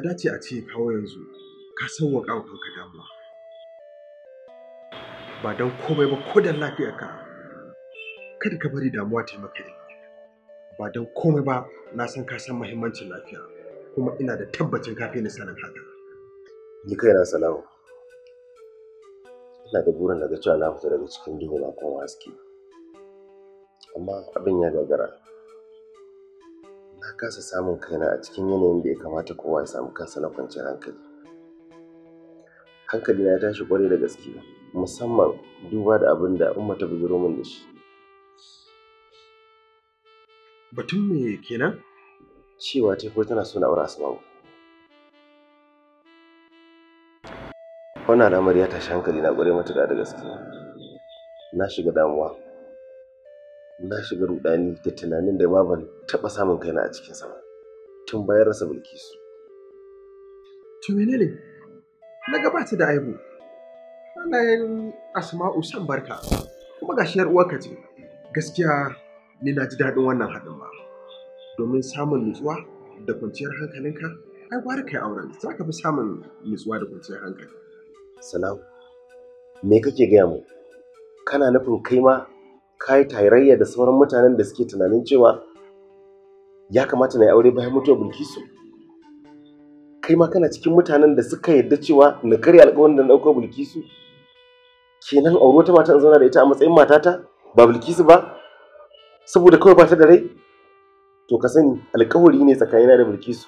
dace a ce kawo yanzu ka sauwaƙa wa kanka damuwa ba don komai ba ko da lafiyarka kada ka bari damuwa ta maka ba don komai ba na san ka san muhimmancin lafiya kuma ina da tabbacin kafi ni sanin haka ni kai na salamu ina da burin daga cewa na fita daga cikin duhu na koma haske amma abin ya gagara na kasa samun kaina a cikin yanayin da ya kamata kowa ya samu kansa na kwanciyar hankali hankali na ya tashi kwarai da gaske musamman duba da abin da umma ta bujiro min da shi batun me kenan cewa ta ko tana so na aure asma'u wannan al'amari ya tashi hankali na kwarai matuƙa da gaske na shiga damuwa na shiga rudani da tunanin da ma ban taɓa samun kaina a cikin sama, tun bayan rasa bilkisu to menene na gabata da aibu halayen asma'u san barka kuma gashi yar uwarka ce gaskiya ni na ji daɗin wannan haɗin ba domin samun nutsuwa da kwanciyar hankalinka ai gwara kai auren za ka fi samun nutsuwa da kwanciyar hankali salam me kake gaya mu kana nufin kai ma ka yi da sauran mutanen da suke tunanin cewa ya kamata na yi aure bayan mutuwar bilkisu kai ma kana cikin mutanen da suka yarda cewa na karya alƙawarin da na ɗaukar bilkisu kenan aure wata mata in zauna da ita a matsayin matata ba bilkisu ba saboda kawai bata da rai to ka sani alƙawari ne tsakanina da bilkisu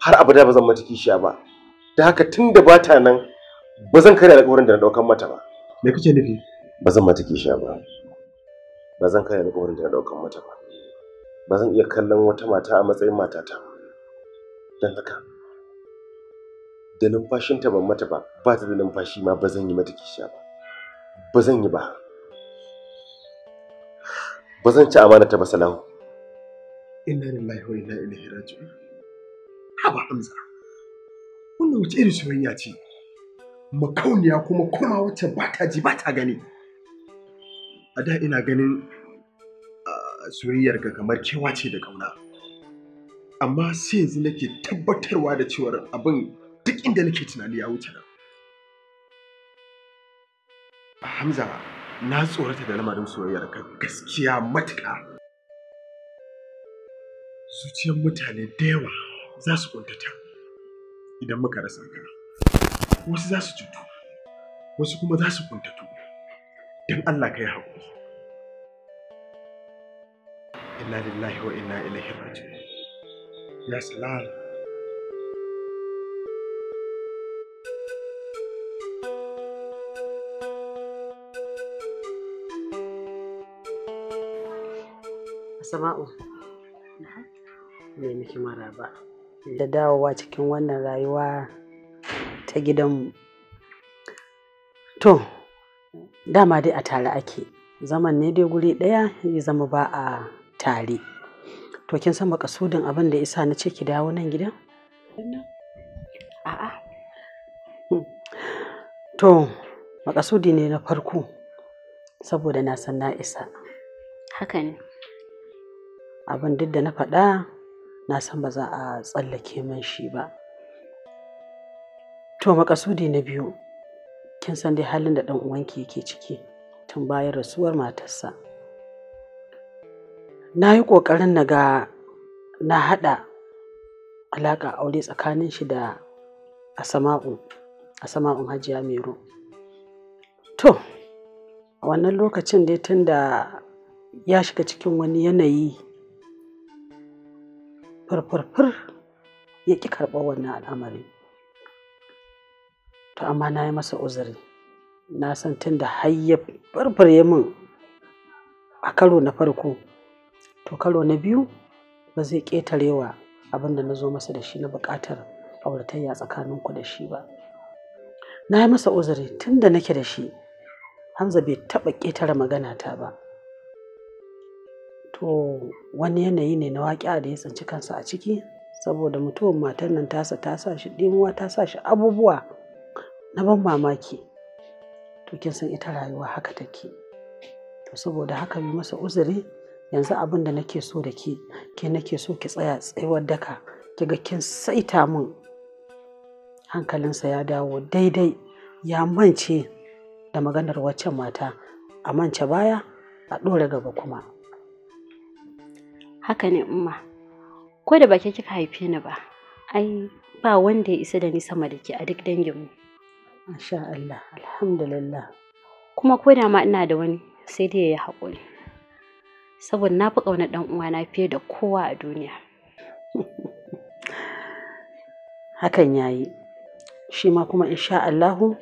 har abada ba zan mata kishiya ba da haka tun da bata nan ba zan karya alƙawarin da na ɗaukar mata ba me kake nufi ba zan mata kishiya ba ba zan kai alƙawarin da na ɗaukan mata ba ba zan iya kallon wata mata a matsayin matata ba don haka da numfashinta ban mata ba ba ta da numfashi ma ba zan yi mata kishiya ba ba zan yi ba ba zan ci amana ta ba salahu inna lillahi wa inna ilaihi raji'un haba hamza wannan wace irin soyayya ce makauniya kuma kuma wacce ba ta ji ba ta gani a da ina ganin soyayyarka kamar kewa ce da kauna amma sai yanzu nake tabbatarwa da cewar abin duk inda nake tunani ya wuce nan hamza na tsorata da lamarin soyayyarka gaskiya matuƙa zuciyar mutane da yawa za su kuntata idan muka rasa ka wasu za su cutu wasu kuma za su kuntatu don Allah ka yi haƙuri inna lillahi wa inna ilaihi raji'un ya salam ne mai mara maraba da dawowa cikin wannan rayuwa ta gidanmu. To, dama dai a tare ake zaman ne dai guri ɗaya ya zama ba a tare to kin san makasudin abin da isa na ce ki dawo nan gidan a'a hmm. to makasudi ne na farko saboda na san na isa haka ne abin duk da na faɗa na san ba za a tsallake man shi ba to makasudi na biyu kin san dai halin da ɗan uwanki yake ciki tun bayan rasuwar matarsa na yi ƙoƙarin na ga na haɗa alaƙa aure tsakanin shi da asama'u asama'un hajiya mero to a wannan lokacin dai tun da ya shiga cikin wani yanayi furfurfur ya ƙi karɓar wannan al'amari to amma na yi masa uzuri na san tun da har ya farfare min a karo na farko to karo na biyu ba zai ƙetarewa abin da na zo masa da shi na buƙatar auratayya tsakaninku da shi ba na yi masa uzuri tun da nake da shi hamza bai taɓa ƙetare magana ta ba to wani yanayi ne na waƙi da ya tsinci kansa a ciki saboda mutuwar matar nan tasa ta shi ɗimuwa ta sa shi abubuwa na ban mamaki to kin san ita rayuwa haka take to saboda haka yi masa uzuri yanzu abin da nake so da ke ke nake so ki tsaya tsayuwar daka kiga kin saita min hankalinsa ya dawo daidai ya mance da maganar waccan mata a mance baya a ɗora gaba kuma haka ne umma ko da ba kika haife ni ba ai ba wanda ya isa da ni sama da ke a duk danginmu Masha Allah, alhamdulillah. Kuma ko da ma ina da wani sai dai ya yi haƙuri. Saboda na fi ƙaunar ɗan uwana fiye da kowa a duniya. Hakan ya yi. Shi ma kuma insha Allahu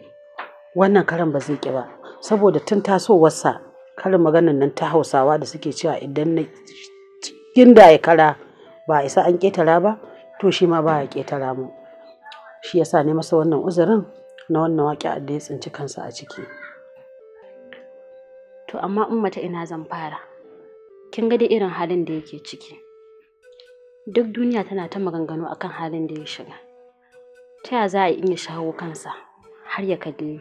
wannan karan ba zai ƙi ba. Saboda tun tasowarsa karin maganan nan ta hausawa da suke cewa idan na cikin da ya kara ba a isa an ƙetara ba to shi ma ba ya ƙetara mu. Shi yasa ne masa wannan uzurin na wannan waƙi da ya tsinci kansa a ciki to amma in mata ina zan fara kin ga da irin halin da yake ciki duk duniya tana ta maganganu akan halin da ya shiga ta ya za a iya shawo kansa har ya kalle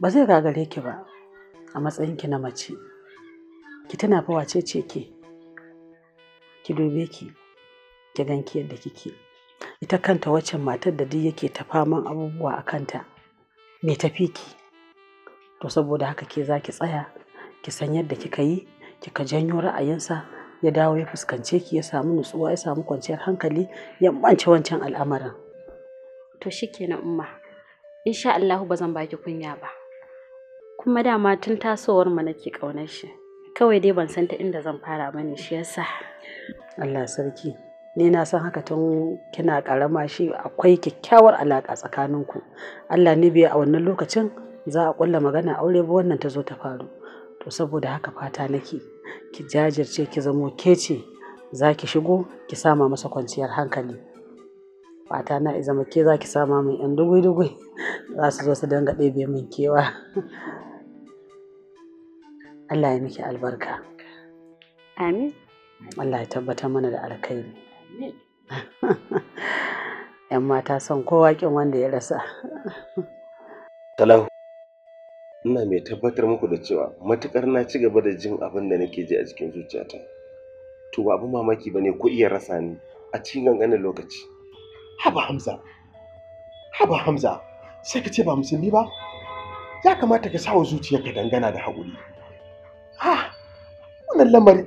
ba zai gagare ki ba a matsayinki na mace ki tana fa wace ce ke ki dobe ki ki ganki yadda kike ita kanta waccan matar da duk yake ta faman abubuwa a kanta Me tafi ki to saboda haka ke za ki tsaya ki san yadda kika yi kika janyo ra'ayinsa ya dawo ya fuskance ki ya samu nutsuwa ya samu kwanciyar hankali ya mance wancan al'amarin to shikenan umma insha Allah ba zan baki kunya ba kuma dama tun tasowar mu nake kaunar shi kawai dai ban san ta inda zan fara bane shi yasa Allah sarki ni na san haka tun kina karama shi akwai kyakkyawar alaka tsakaninku Allah ne biya a wannan lokacin za a ƙulla magana aure ba wannan ta zo ta faru to saboda haka fata nake ki jajirce ki zamo kece za ki shigo ki sama masa kwanciyar hankali fata na zama ke za ki sama min yan dugui-dugui za su zo su danga ɗebe min kewa Allah ya miki albarka amin Allah ya tabbata mana da alkhairi ‘Yan mata son kowa kin wanda ya rasa. Salahu, ina mai tabbatar muku da cewa matukar na ci gaba da jin abin da nake ji a cikin zuciyata. To ba abin mamaki ba ne ko iya rasa ni a cikin ganganin lokaci. Haba Hamza, haba Hamza, sai ka ce ba musulmi ba? Ya kamata ka sawa ka dangana da haƙuri. Ha, wannan lamari.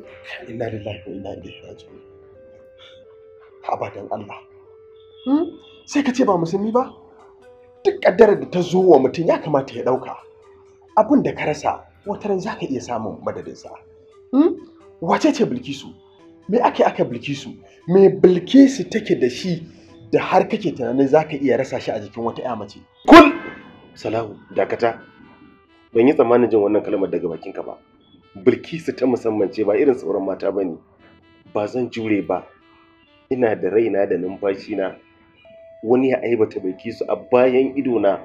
Inna lillahi wa inna ilaihi raji'un. abadan Allah hmm? sai ka ce ba musulmi ba duk ƙaddarar da ta zo wa mutum ya kamata ya ɗauka abin da ka rasa wataran za ka iya samun madadinsa hmm? wace ce bilkisu me ake aka bilkisu me bilkisu take da shi da har kake tunanin za ka iya rasa shi a jikin wata ya mace kul salahu dakata ban yi tsammanin jin wannan kalmar daga bakinka ba bilkisu ta musamman ce ba irin sauran mata ba ne ba zan jure ba ina da raina da numfashi na wani ya aibata bai su a bayan idona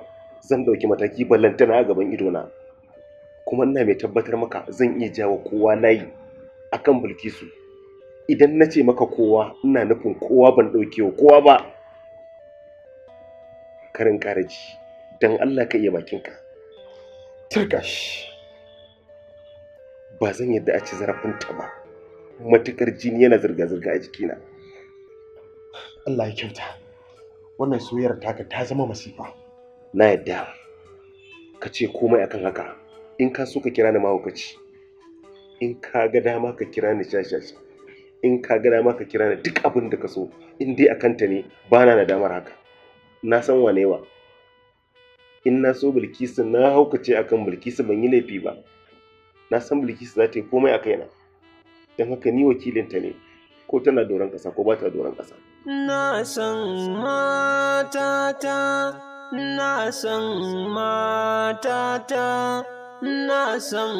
zan dauki mataki ballantana a gaban idona kuma ina mai tabbatar maka zan iya jawo kowa layi akan bilkisu idan na ce maka kowa ina nufin kowa ban ɗauke wa kowa ba karin karaji dan allah ka iya bakinka turkash ba zan yadda a ci zarafinta ba matukar jini yana zirga-zirga a jikina Allah ya kyauta wannan soyayyar taka ta zama masifa na yadda ka ce komai akan haka in ka so ka kira ni mahaukaci in ka ga dama ka kira ni shashashi in ka ga dama ka kira ni duk abin da ka so in dai akan ta ne ba na nadamar haka na san wane wa in na so bilkisu na haukace akan bilkisu ban yi laifi ba na san bilkisu za ta yi komai a kaina don haka ni wakilinta ne ko tana doron ƙasa ko ba ta doron ƙasa na san matata na san matata na san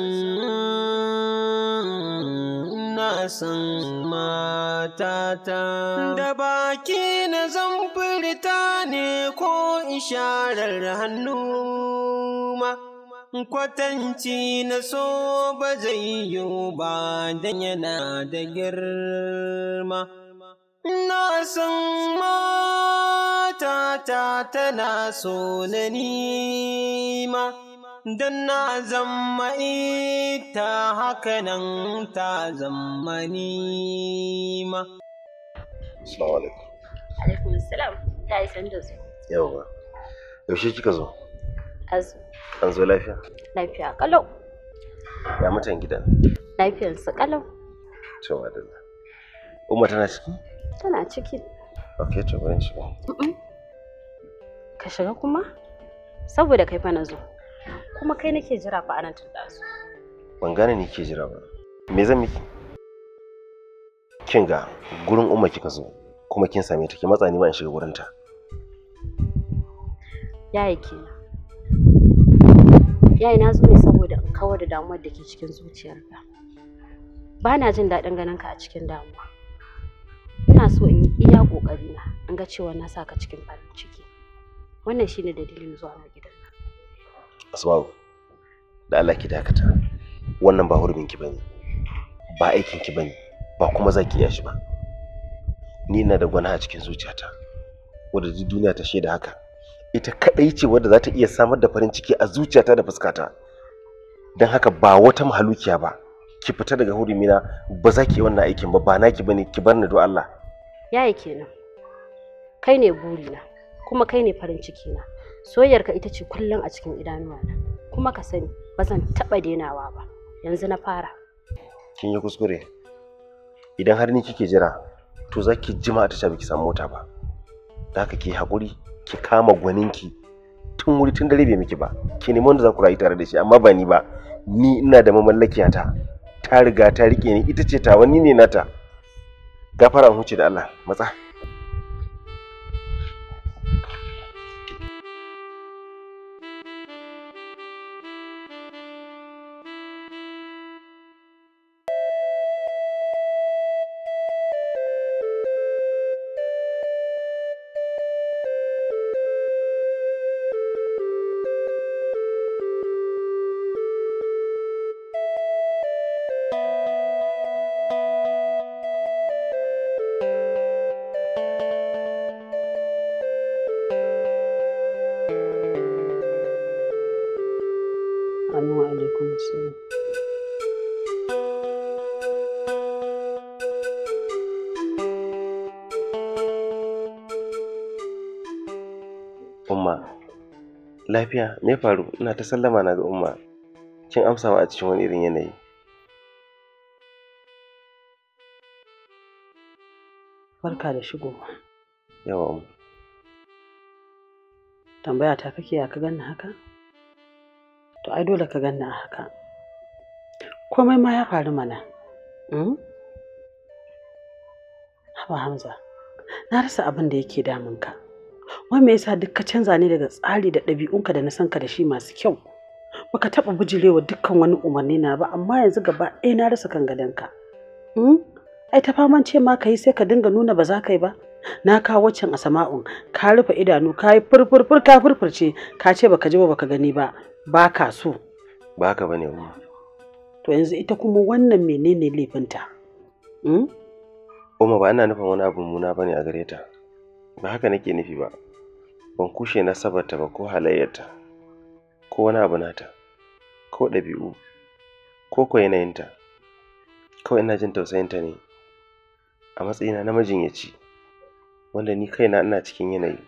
na san matata da baki na zan furta ne ko isharar hannu ma kwatanci na so ba zai yiwu ba dan yana da girma. na san matata tana so na nima don na zama ita haka nan ta zama nima. Assalamu alaikum. Alaikum salam ta yi sanda zo. Yawwa. Yaushe kika zo? Azu. An zo lafiya? Lafiya kalau. Ya mutan gidan? Lafiyarsu kalau. Cewa da Umar tana ciki? Tana ciki. Ok, to bari shiga. Ka shiga kuma? Saboda kai fa na zo. Kuma kai nake jira fa anan tun su. Ban gane ni ke jira ba. Me zan miki? Kin ga gurin umma kika zo kuma kin same ta ki matsa ni ma in shiga gurin ta. Yayi ke. Yayi na zo ne saboda in kawar da damuwar da ke cikin zuciyarka. Ba na jin daɗin ganin ka a cikin damuwa. iya ƙoƙari na an ga cewa na saka cikin farin ciki wannan shine dalilin zuwa na gidan nan asma'u da Allah ki dakata wannan ba hurumin ki bane ba aikin ki bane ba kuma za iya shi ba ni na da gwana a cikin zuciyata wadda duk duniya ta shaida haka ita kadai ce wadda za ta iya samar da farin ciki a zuciyata da fuskata don haka ba wata mahalukiya ba ki fita daga na ba za ki yi wannan aikin ba ba naki bane ki bar ni do Allah yayi kenan kai ne burina kuma kai ne farin ciki na soyayyarka ita ce kullum a cikin idanuwana kuma ka sani ba zan taɓa denawa ba yanzu na fara kin yi kuskure idan har ni kike jira to za ki jima a tasha biki samu mota ba da ka ki haƙuri ki kama gwaninki tun wuri tun dare bai miki ba ki nemi wanda za ku rayu tare da shi amma ba ni ba ni ina da mamallakiyata ta ta riga ta rike ni ita ce ta wani ne nata gafara huce da Allah matsa lafiya me faru ina ta sallama na ga umma kin amsa wa a cikin wani irin yanayi barka da shigowa yawa umma tambaya ta kake ya ka ganna haka to ai dole ka ganna a haka komai ma ya faru mana hmm? haba hamza na rasa abin da yake damunka wai me yasa duk ka canza ne daga tsari da ɗabi'unka da na san da shi masu kyau baka taɓa bujirewa dukkan wani umarni na ba amma yanzu gaba ɗaya na rasa kan gadonka hmm? ai ta faman ce ma ka yi sai ka dinga nuna ba za ka yi ba na kawo waccan sama'un ka rufe idanu ka yi furfurfur ka furfurce ka ce baka ji ba baka gani ba ba ka so ba bane umma to yanzu ita kuma wannan menene laifinta hmm? umma ba ina nufin wani abu muna bane a gare ba haka nake nufi ba ban kushe nasabarta ba ko halayyarta ko wani abu nata ko ɗabi'u ko ko yanayinta kawai ina jin tausayinta ne a matsayina na majinyaci wanda ni kaina ina cikin yanayi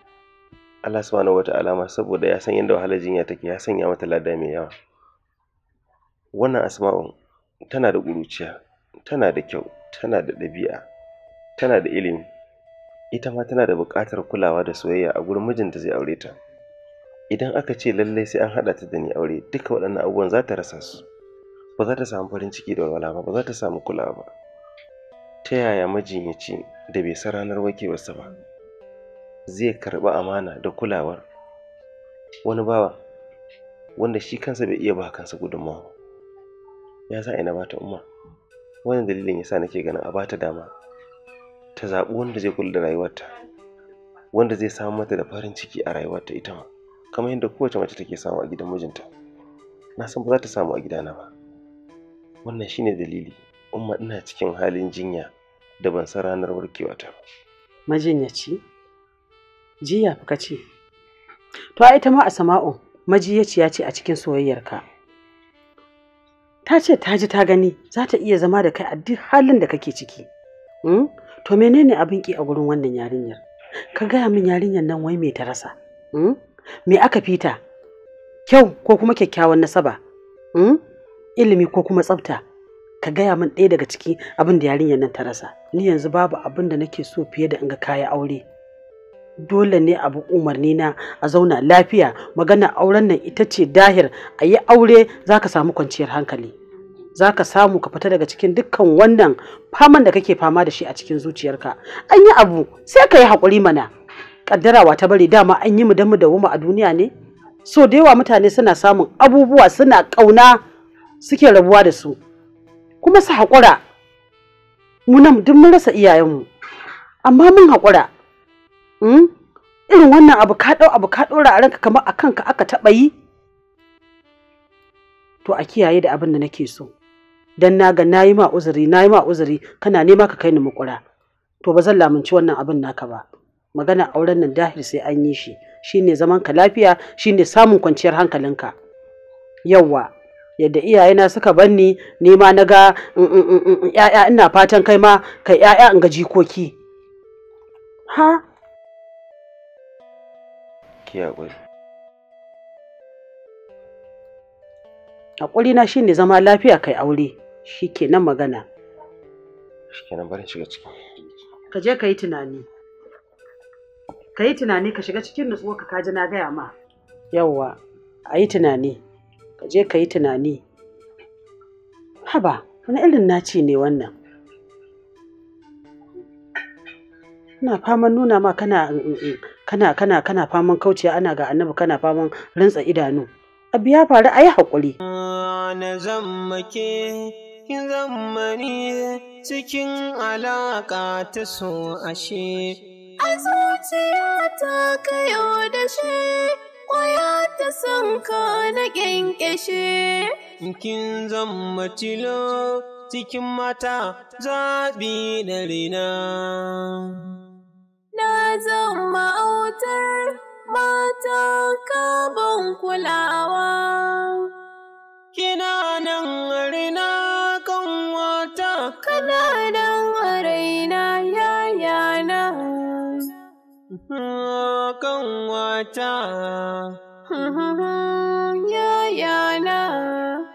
Allah subhanahu wata alama saboda ya san yadda wahalar jinya take ya sanya mata lada mai yawa wannan asma'u tana da ƙuruciya tana da kyau tana da ɗabi'a tana da ilimi ita ma tana da buƙatar kulawa da soyayya a gurin mijinta zai aure ta idan aka ce lallai sai an haɗa ta da ni aure duka waɗannan abubuwan za ta rasa su ba za ta samu farin ciki da walwala ba ba za ta samu kulawa ba ta yaya majinyaci da bai san ranar wakewarsa ba zai karɓi amana da kulawar wani bawa wanda shi kansa bai iya ba kansa gudunmawa ya sa ina bata umma wannan dalilin ya yasa nake ganin a bata dama ta zaɓi wanda zai kula da rayuwarta wanda zai samu mata da farin ciki a rayuwarta ita ma kamar yadda kowace mace take samu a gidan mijinta na san ba za ta samu a gidana ba wannan shine dalili umma ina cikin halin jinya da ban san ranar warkewata ba majinyaci jiya fa ce to a ita ma a sama'u majiyaciya ce a cikin soyayyarka ta ce ta ji ta gani za ta iya zama da kai a duk halin da kake ciki hmm? To menene abin ki a gurin wannan yarinyar? Ka gaya min yarinyar nan wai me ta rasa? Hmm? Me aka fita? Kyau ko kuma kyakkyawan nasaba? Hmm? Ilimi ko kuma tsafta? Ka gaya min ɗaya daga ciki abin da yarinyar nan ta rasa. Ni yanzu babu abin da nake so fiye da in ga kaya aure. dole ne abu umarni na a zauna lafiya magana auren nan ita ce dahir a yi aure za ka samu kwanciyar hankali za ka samu ka fita daga cikin dukkan wannan faman da kake fama da shi a cikin zuciyarka an yi abu sai ka yi haƙuri mana ƙaddarawa ta bari dama an yi mu da mu da a duniya ne so da yawa mutane suna samun abubuwa suna ƙauna suke rabuwa da su kuma su haƙura mu nan duk mun rasa iyayenmu amma mun haƙura hmm? irin wannan abu ka ɗau abu ka ɗora a ranka kamar a kanka aka taɓa yi to a kiyaye da abin da nake so dan na ga nayi ma uzuri nayi ma uzuri kana nema ka kai ni mukura to ba zan lamunci wannan abin naka ba magana auren nan dahir sai an yi shi shine zaman ka lafiya shine samun kwanciyar hankalinka yawwa yadda iyayena suka banni ni ma na ga ya'ya mm, mm, mm, ina fatan kai ma kai ya'ya in ga jikoki ha ki hakuri na shine zama lafiya kai aure shi kenan magana shi barin shiga cikin ka je ka yi tunani ka yi tunani ka shiga cikin nutsuwa ka kaji na gaya ma yawwa a yi tunani ka je ka yi tunani haba wani irin naci ne wannan kana faman nuna ma kana mm, mm, mm, kana kana kana faman kauciya ana ga annabi kana faman rantsa idanu abu ya faru a yi haƙuri na make kin zammani cikin alaƙa ta so ashe. A zuciya ta kayo da shi, ƙwaya ta son ka na ƙyanƙyashe. Kin zama tilo cikin mata zaɓi da rina. Na zama autar mata kaban kulawa. kina nan rina kan wata kananan nan raina yayana kan wata yayana